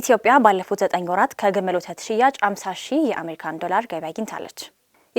ኢትዮጵያ ባለፉት ዘጠኝ ወራት ከግመል ወተት ሽያጭ 50 ሺህ የአሜሪካን ዶላር ገቢ አግኝታለች።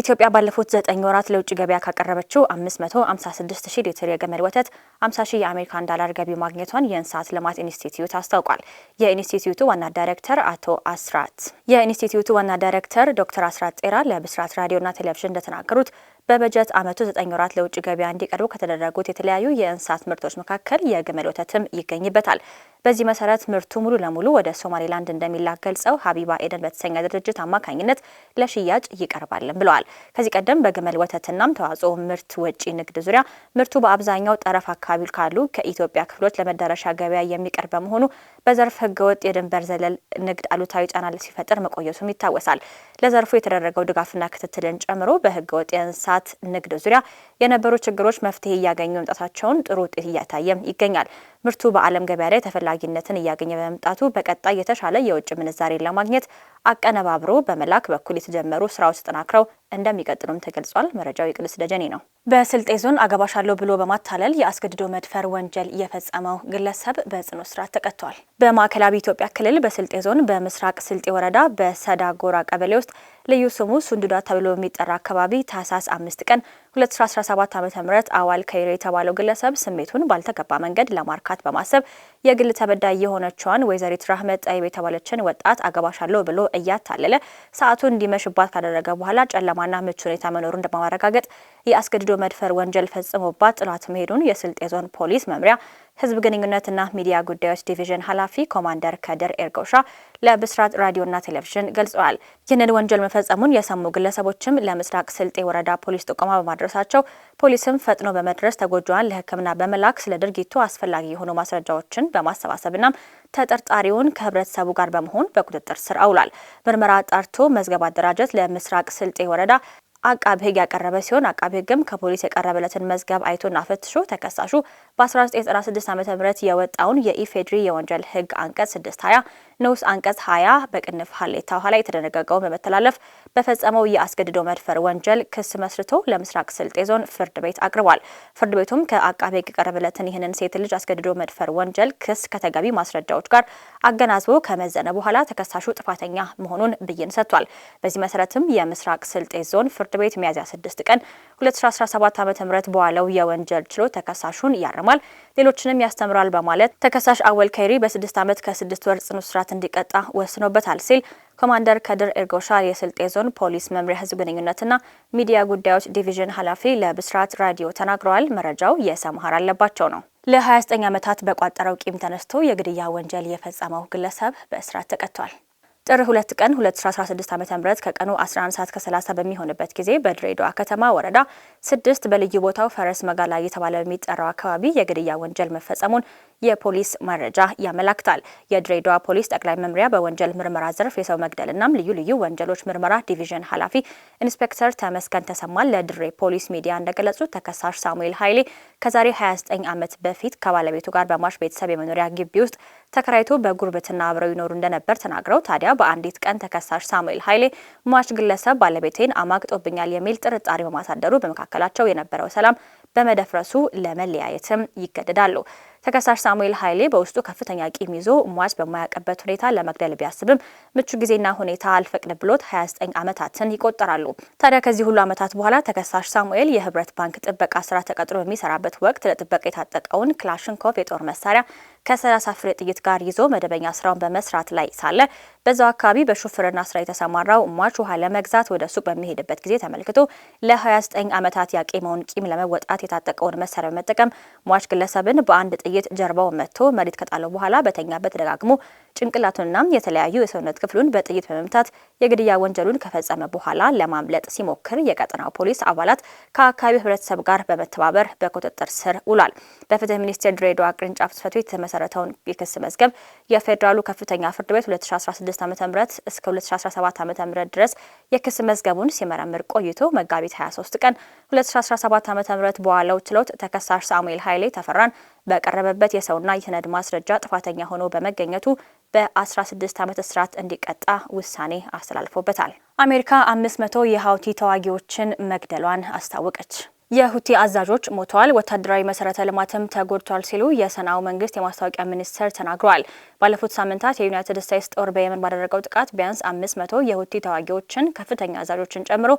ኢትዮጵያ ባለፉት ዘጠኝ ወራት ለውጭ ገበያ ካቀረበችው 556 ሺህ ሊትር የግመል ወተት 50 ሺህ የአሜሪካን ዶላር ገቢ ማግኘቷን የእንስሳት ልማት ኢንስቲትዩት አስታውቋል። የኢንስቲትዩቱ ዋና ዳይሬክተር አቶ አስራት የኢንስቲትዩቱ ዋና ዳይሬክተር ዶክተር አስራት ጤራ ለብስራት ራዲዮና ቴሌቪዥን እንደተናገሩት በበጀት ዓመቱ ዘጠኝ ወራት ለውጭ ገበያ እንዲቀርቡ ከተደረጉት የተለያዩ የእንስሳት ምርቶች መካከል የግመል ወተትም ይገኝበታል። በዚህ መሰረት ምርቱ ሙሉ ለሙሉ ወደ ሶማሌላንድ እንደሚላክ ገልጸው ሀቢባ ኤደን በተሰኘ ድርጅት አማካኝነት ለሽያጭ ይቀርባልን ብለዋል። ከዚህ ቀደም በግመል ወተትናም ተዋጽኦ ምርት ወጪ ንግድ ዙሪያ ምርቱ በአብዛኛው ጠረፍ አካባቢ ካሉ ከኢትዮጵያ ክፍሎች ለመዳረሻ ገበያ የሚቀርብ በመሆኑ በዘርፍ ህገወጥ የድንበር ዘለል ንግድ አሉታዊ ጫና ሲፈጥር መቆየቱም ይታወሳል። ለዘርፉ የተደረገው ድጋፍና ክትትልን ጨምሮ በህገወጥ የእንስሳት ንግድ ዙሪያ የነበሩ ችግሮች መፍትሄ እያገኙ መምጣታቸውን ጥሩ ውጤት እያታየም ይገኛል። ምርቱ በዓለም ገበያ ላይ ተፈላጊ ተፈላጊነትን እያገኘ በመምጣቱ በቀጣይ የተሻለ የውጭ ምንዛሬን ለማግኘት አቀነባብሮ በመላክ በኩል የተጀመሩ ስራዎች ተጠናክረው እንደሚቀጥሉም ተገልጿል። መረጃው የቅዱስ ደጀኔ ነው። በስልጤ ዞን አገባሻለሁ ብሎ በማታለል የአስገድዶ መድፈር ወንጀል የፈጸመው ግለሰብ በጽኑ እስራት ተቀጥቷል። በማዕከላዊ ኢትዮጵያ ክልል በስልጤ ዞን በምስራቅ ስልጤ ወረዳ በሰዳጎራ ቀበሌ ውስጥ ልዩ ስሙ ሱንዱዳ ተብሎ በሚጠራ አካባቢ ታህሳስ አምስት ቀን 2017 ዓ ም አዋል ከይሮ የተባለው ግለሰብ ስሜቱን ባልተገባ መንገድ ለማርካት በማሰብ የግል ተበዳይ የሆነችዋን ወይዘሪት ራህመት ጠይብ የተባለችን ወጣት አገባሻለሁ ብሎ እያታለለ ሰዓቱን እንዲመሽባት ካደረገ በኋላ ጨለማና ምቹ ሁኔታ መኖሩን በማረጋገጥ የአስገድዶ መድፈር ወንጀል ፈጽሞባት ጥሏት መሄዱን የስልጤ ዞን ፖሊስ መምሪያ ህዝብ ግንኙነትና ሚዲያ ጉዳዮች ዲቪዥን ኃላፊ ኮማንደር ከድር ኤርጎሻ ለብስራት ራዲዮና ቴሌቪዥን ገልጸዋል። ይህንን ወንጀል መፈጸሙን የሰሙ ግለሰቦችም ለምስራቅ ስልጤ ወረዳ ፖሊስ ጥቆማ በማድረሳቸው ፖሊስም ፈጥኖ በመድረስ ተጎጂዋን ለሕክምና በመላክ ስለ ድርጊቱ አስፈላጊ የሆኑ ማስረጃዎችን በማሰባሰብና ተጠርጣሪውን ከህብረተሰቡ ጋር በመሆን በቁጥጥር ስር አውሏል። ምርመራ ጣርቶ መዝገብ አደራጀት ለምስራቅ ስልጤ ወረዳ አቃቤ ሕግ ያቀረበ ሲሆን አቃቤ ሕግም ከፖሊስ የቀረበለትን መዝገብ አይቶና ፈትሾ ተከሳሹ በ1996 ዓ ም የወጣውን የኢፌድሪ የወንጀል ሕግ አንቀጽ 620 ንዑስ አንቀጽ 20 በቅንፍ ሀሌታ ውሃ የተደነገገውን በመተላለፍ በፈጸመው የአስገድዶ መድፈር ወንጀል ክስ መስርቶ ለምስራቅ ስልጤ ዞን ፍርድ ቤት አቅርቧል። ፍርድ ቤቱም ከአቃቤ ሕግ ይህንን ሴት ልጅ አስገድዶ መድፈር ወንጀል ክስ ከተገቢ ማስረጃዎች ጋር አገናዝቦ ከመዘነ በኋላ ተከሳሹ ጥፋተኛ መሆኑን ብይን ሰጥቷል። በዚህ መሰረትም የምስራቅ ስልጤ ዞን ፍርድ ቤት ሚያዝያ 6 ቀን 2017 ዓ ም በዋለው የወንጀል ችሎት ተከሳሹን ያርማል ሌሎችንም ያስተምራል በማለት ተከሳሽ አወል ከይሪ በስድስት ዓመት ከስድስት ወር ጽኑ እስራት እንዲቀጣ ወስኖበታል ሲል ኮማንደር ከድር ኤርጎሻ የስልጤ ዞን ፖሊስ መምሪያ ህዝብ ግንኙነትና ሚዲያ ጉዳዮች ዲቪዥን ኃላፊ ለብስራት ራዲዮ ተናግረዋል። መረጃው የሰምሃር አለባቸው ነው። ለ29 ዓመታት በቋጠረው ቂም ተነስቶ የግድያ ወንጀል የፈጸመው ግለሰብ በእስራት ተቀጥቷል። ጥር 2 ቀን 2016 ዓ.ም ከቀኑ 11 ሰዓት ከ30 በሚሆንበት ጊዜ በድሬዳዋ ከተማ ወረዳ ስድስት በልዩ ቦታው ፈረስ መጋላ እየተባለ በሚጠራው አካባቢ የግድያ ወንጀል መፈጸሙን የፖሊስ መረጃ ያመላክታል። የድሬዳዋ ፖሊስ ጠቅላይ መምሪያ በወንጀል ምርመራ ዘርፍ የሰው መግደል እናም ልዩ ልዩ ወንጀሎች ምርመራ ዲቪዥን ኃላፊ ኢንስፔክተር ተመስገን ተሰማን ለድሬ ፖሊስ ሚዲያ እንደገለጹት ተከሳሽ ሳሙኤል ኃይሌ ከዛሬ 29 ዓመት በፊት ከባለቤቱ ጋር በማሽ ቤተሰብ የመኖሪያ ግቢ ውስጥ ተከራይቶ በጉርብትና አብረው ይኖሩ እንደነበር ተናግረው ታዲያ በአንዲት ቀን ተከሳሽ ሳሙኤል ኃይሌ ሟች ግለሰብ ባለቤቴን አማግጦብኛል የሚል ጥርጣሬ በማሳደሩ በመካከላቸው የነበረው ሰላም በመደፍረሱ ለመለያየትም ይገደዳሉ። ተከሳሽ ሳሙኤል ኃይሌ በውስጡ ከፍተኛ ቂም ይዞ ሟች በማያውቅበት ሁኔታ ለመግደል ቢያስብም ምቹ ጊዜና ሁኔታ አልፈቅድ ብሎት 29 ዓመታትን ይቆጠራሉ። ታዲያ ከዚህ ሁሉ ዓመታት በኋላ ተከሳሽ ሳሙኤል የህብረት ባንክ ጥበቃ ስራ ተቀጥሮ በሚሰራበት ወቅት ለጥበቃ የታጠቀውን ክላሽንኮቭ የጦር መሳሪያ ከ30 ፍሬ ጥይት ጋር ይዞ መደበኛ ስራውን በመስራት ላይ ሳለ በዛው አካባቢ በሹፍርና ስራ የተሰማራው ሟች ውሃ ለመግዛት ወደ ሱቅ በሚሄድበት ጊዜ ተመልክቶ ለ29 ዓመታት ያቄመውን ቂም ለመወጣት የታጠቀውን መሳሪያ በመጠቀም ሟች ግለሰብን በአንድ ጥይት ጀርባው መጥቶ መሬት ከጣለው በኋላ በተኛበት ደጋግሞ ጭንቅላቱንና የተለያዩ የሰውነት ክፍሉን በጥይት በመምታት የግድያ ወንጀሉን ከፈጸመ በኋላ ለማምለጥ ሲሞክር የቀጠናው ፖሊስ አባላት ከአካባቢው ህብረተሰብ ጋር በመተባበር በቁጥጥር ስር ውሏል። በፍትህ ሚኒስቴር ድሬዳዋ ቅርንጫፍ ጽሕፈት ቤት የተመሰረተውን የክስ መዝገብ የፌዴራሉ ከፍተኛ ፍርድ ቤት 2016 ዓ ም እስከ 2017 ዓ ም ድረስ የክስ መዝገቡን ሲመረምር ቆይቶ መጋቢት 23 ቀን 2017 ዓ ም በዋለው ችሎት ተከሳሽ ሳሙኤል ኃይሌ ተፈራን በቀረበበት የሰውና የሰነድ ማስረጃ ጥፋተኛ ሆኖ በመገኘቱ በ16 ዓመት እስራት እንዲቀጣ ውሳኔ አስተላልፎበታል። አሜሪካ 500 የሀውቲ ተዋጊዎችን መግደሏን አስታወቀች። የሁቲ አዛዦች ሞተዋል፣ ወታደራዊ መሰረተ ልማትም ተጎድቷል ሲሉ የሰንአው መንግስት የማስታወቂያ ሚኒስትር ተናግረዋል። ባለፉት ሳምንታት የዩናይትድ ስቴትስ ጦር በየመን ባደረገው ጥቃት ቢያንስ አምስት መቶ የሁቲ ተዋጊዎችን ከፍተኛ አዛዦችን ጨምሮ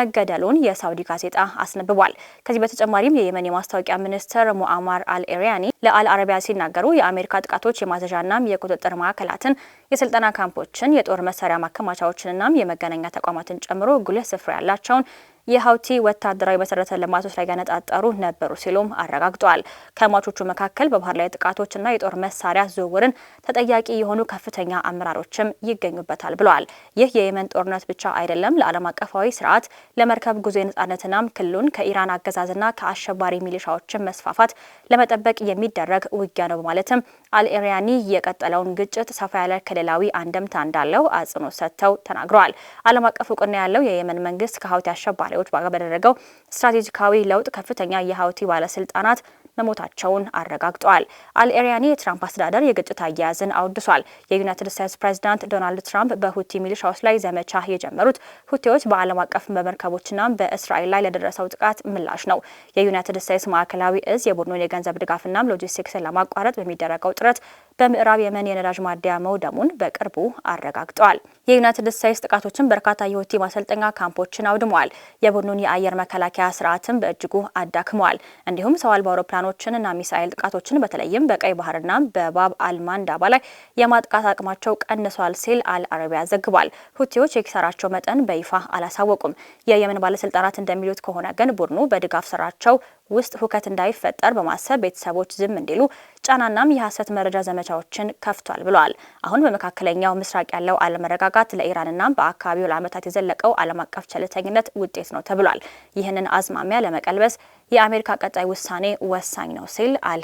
መገደሉን የሳውዲ ጋዜጣ አስነብቧል። ከዚህ በተጨማሪም የየመን የማስታወቂያ ሚኒስትር ሙአማር አልኤሪያኒ ለአል አረቢያ ሲናገሩ የአሜሪካ ጥቃቶች የማዘዣና የቁጥጥር ማዕከላትን፣ የስልጠና ካምፖችን፣ የጦር መሳሪያ ማከማቻዎችንናም የመገናኛ ተቋማትን ጨምሮ ጉልህ ስፍራ ያላቸውን የሀውቲ ወታደራዊ መሰረተ ልማቶች ላይ ያነጣጠሩ ነበሩ ሲሉም አረጋግጠዋል። ከሟቾቹ መካከል በባህር ላይ ጥቃቶችና የጦር መሳሪያ ዝውውርን ተጠያቂ የሆኑ ከፍተኛ አመራሮችም ይገኙበታል ብለዋል። ይህ የየመን ጦርነት ብቻ አይደለም፣ ለዓለም አቀፋዊ ስርዓት፣ ለመርከብ ጉዞ የነጻነትናም ክልሉን ከኢራን አገዛዝና ከአሸባሪ ሚሊሻዎችን መስፋፋት ለመጠበቅ የሚደረግ ውጊያ ነው በማለትም አልኤሪያኒ የቀጠለውን ግጭት ሰፋ ያለ ክልላዊ አንደምታ እንዳለው አጽንኦት ሰጥተው ተናግረዋል። ዓለም አቀፍ እውቅና ያለው የየመን መንግስት ከሀውቲ አሸባሪ ተሽከርካሪዎች ጋር ስትራቴጂካዊ ለውጥ ከፍተኛ የሀውቲ ባለስልጣናት መሞታቸውን አረጋግጠዋል። አልኤሪያኒ የትራምፕ አስተዳደር የግጭት አያያዝን አወድሷል። የዩናይትድ ስቴትስ ፕሬዚዳንት ዶናልድ ትራምፕ በሁቲ ሚሊሻዎች ላይ ዘመቻ የጀመሩት ሁቲዎች በዓለም አቀፍ በመርከቦችና በእስራኤል ላይ ለደረሰው ጥቃት ምላሽ ነው። የዩናይትድ ስቴትስ ማዕከላዊ እዝ የቡድኑን የገንዘብ ድጋፍና ሎጂስቲክስን ለማቋረጥ በሚደረገው ጥረት በምዕራብ የመን የነዳጅ ማደያ መውደሙን በቅርቡ አረጋግጠዋል። የዩናይትድ ስቴትስ ጥቃቶችን በርካታ የሁቲ ማሰልጠኛ ካምፖችን አውድመዋል። የቡድኑን የአየር መከላከያ ስርዓትን በእጅጉ አዳክመዋል። እንዲሁም ሰው አልባ አውሮፕላኖ አውሮፕላኖችንና ሚሳኤል ጥቃቶችን በተለይም በቀይ ባህርና በባብ አልማንዳባ ላይ የማጥቃት አቅማቸው ቀንሷል ሲል አልአረቢያ ዘግቧል። ሁቲዎች የኪሳራቸው መጠን በይፋ አላሳወቁም። የየመን ባለስልጣናት እንደሚሉት ከሆነ ግን ቡድኑ በድጋፍ ስራቸው ውስጥ ሁከት እንዳይፈጠር በማሰብ ቤተሰቦች ዝም እንዲሉ ጫናናም የሐሰት መረጃ ዘመቻዎችን ከፍቷል ብለዋል። አሁን በመካከለኛው ምስራቅ ያለው አለመረጋጋት ለኢራንና በአካባቢው ለአመታት የዘለቀው ዓለም አቀፍ ቸልተኝነት ውጤት ነው ተብሏል። ይህንን አዝማሚያ ለመቀልበስ የአሜሪካ ቀጣይ ውሳኔ ወሳኝ ነው ሲል አል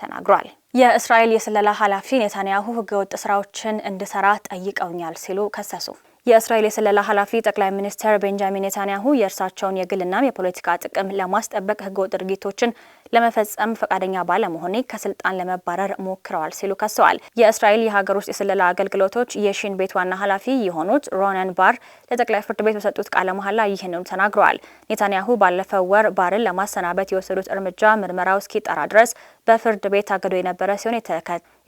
ተናግሯል። የእስራኤል የስለላ ኃላፊ ኔታንያሁ ህገወጥ ስራዎችን እንድሰራ ጠይቀውኛል ሲሉ ከሰሱ። የእስራኤል የስለላ ኃላፊ ጠቅላይ ሚኒስትር ቤንጃሚን ኔታንያሁ የእርሳቸውን የግልና የፖለቲካ ጥቅም ለማስጠበቅ ህገወጥ ድርጊቶችን ለመፈጸም ፈቃደኛ ባለመሆኔ ከስልጣን ለመባረር ሞክረዋል ሲሉ ከሰዋል። የእስራኤል የሀገር ውስጥ የስለላ አገልግሎቶች የሺን ቤት ዋና ኃላፊ የሆኑት ሮነን ባር ለጠቅላይ ፍርድ ቤት በሰጡት ቃለ መሐላ ይህንኑ ተናግረዋል። ኔታንያሁ ባለፈው ወር ባርን ለማሰናበት የወሰዱት እርምጃ ምርመራው እስኪጠራ ድረስ በፍርድ ቤት ታግዶ የነበረ ሲሆን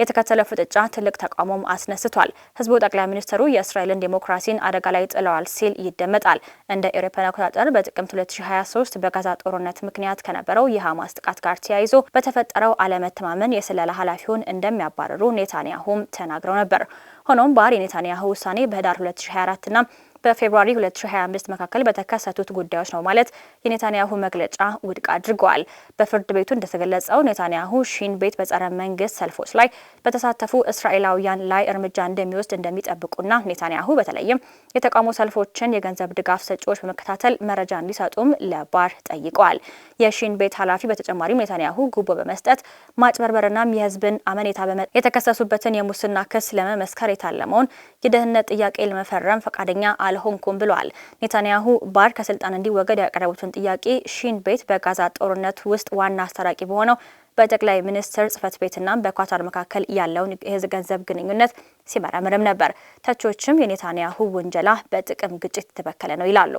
የተከተለው ፍጥጫ ትልቅ ተቃውሞም አስነስቷል። ህዝቡ ጠቅላይ ሚኒስትሩ የእስራኤልን ዴሞክራሲን አደጋ ላይ ጥለዋል ሲል ይደመጣል። እንደ ኤሮፓን አቆጣጠር በጥቅምት 2023 በጋዛ ጦርነት ምክንያት ከነበረው የሐማስ ጥቃት ጋር ተያይዞ በተፈጠረው አለመተማመን የስለላ ኃላፊውን እንደሚያባርሩ ኔታንያሁም ተናግረው ነበር። ሆኖም ባር የኔታንያሁ ውሳኔ በህዳር 2024ና በፌብሩዋሪ 2025 መካከል በተከሰቱት ጉዳዮች ነው ማለት የኔታንያሁ መግለጫ ውድቅ አድርገዋል። በፍርድ ቤቱ እንደተገለጸው ኔታንያሁ ሺን ቤት በጸረ መንግስት ሰልፎች ላይ በተሳተፉ እስራኤላውያን ላይ እርምጃ እንደሚወስድ እንደሚጠብቁና ኔታንያሁ በተለይም የተቃውሞ ሰልፎችን የገንዘብ ድጋፍ ሰጪዎች በመከታተል መረጃ እንዲሰጡም ለባር ጠይቀዋል። የሺን ቤት ኃላፊ በተጨማሪም ኔታንያሁ ጉቦ በመስጠት ማጭበርበርናም የህዝብን አመኔታ የተከሰሱበትን የሙስና ክስ ለመመስከር የታለመውን የደህንነት ጥያቄ ለመፈረም ፈቃደኛ አለ አልሆንኩም ብለዋል። ኔታንያሁ ባር ከስልጣን እንዲወገድ ያቀረቡትን ጥያቄ ሺን ቤት በጋዛ ጦርነት ውስጥ ዋና አስታራቂ በሆነው በጠቅላይ ሚኒስትር ጽህፈት ቤትና በኳታር መካከል ያለውን የህዝብ ገንዘብ ግንኙነት ሲመረምርም ነበር። ተቾችም የኔታንያሁ ውንጀላ በጥቅም ግጭት የተበከለ ነው ይላሉ።